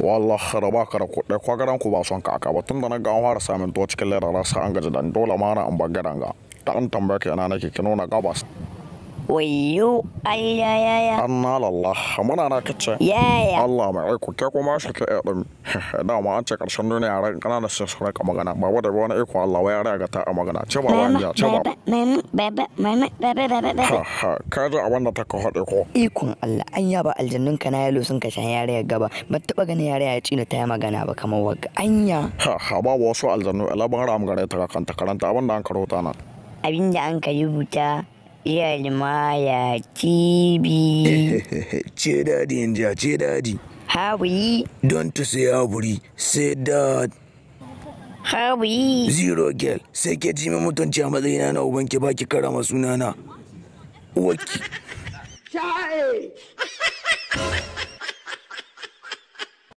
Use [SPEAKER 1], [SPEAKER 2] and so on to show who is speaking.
[SPEAKER 1] wallah raba ko da kwagaran ku ba son ka aka ba tun da na ga an fara samun to cikin lera rasa an gaji da dole ma na an bagaren ga ta an tambaya ka yana nake ki nuna gabas wayo Allah ya ya muna na kace ya ya Allah mai aiko ke kuma shi ke ɗin da ma an ce karshen duniya ran kananan su su magana ba wanda wani aiko Allah wai ran ga ta a magana ce ba wani ya ce ba
[SPEAKER 2] mama baba mama baba
[SPEAKER 3] baba
[SPEAKER 1] ha ka ji abin da ta ka haɗe ko
[SPEAKER 2] ikon Allah an yaba aljannun ka na yalo sun ka shan yare ya gaba ba taɓa ganin yare ya ci ta yi magana ba kamar wagga anya
[SPEAKER 1] ha ha babu wasu aljannu alaban ram ta kanta karanta abin da an karota nan
[SPEAKER 3] abin
[SPEAKER 2] da Yalmaya
[SPEAKER 4] TV. ce dadi ja, ce dadi.
[SPEAKER 3] How we?
[SPEAKER 4] Don to say how we. Say that. How we? Zero girl. Sai ke ji mai mutunci a matsayina na ubanki baki karama sunana. Uwarki. Shaye.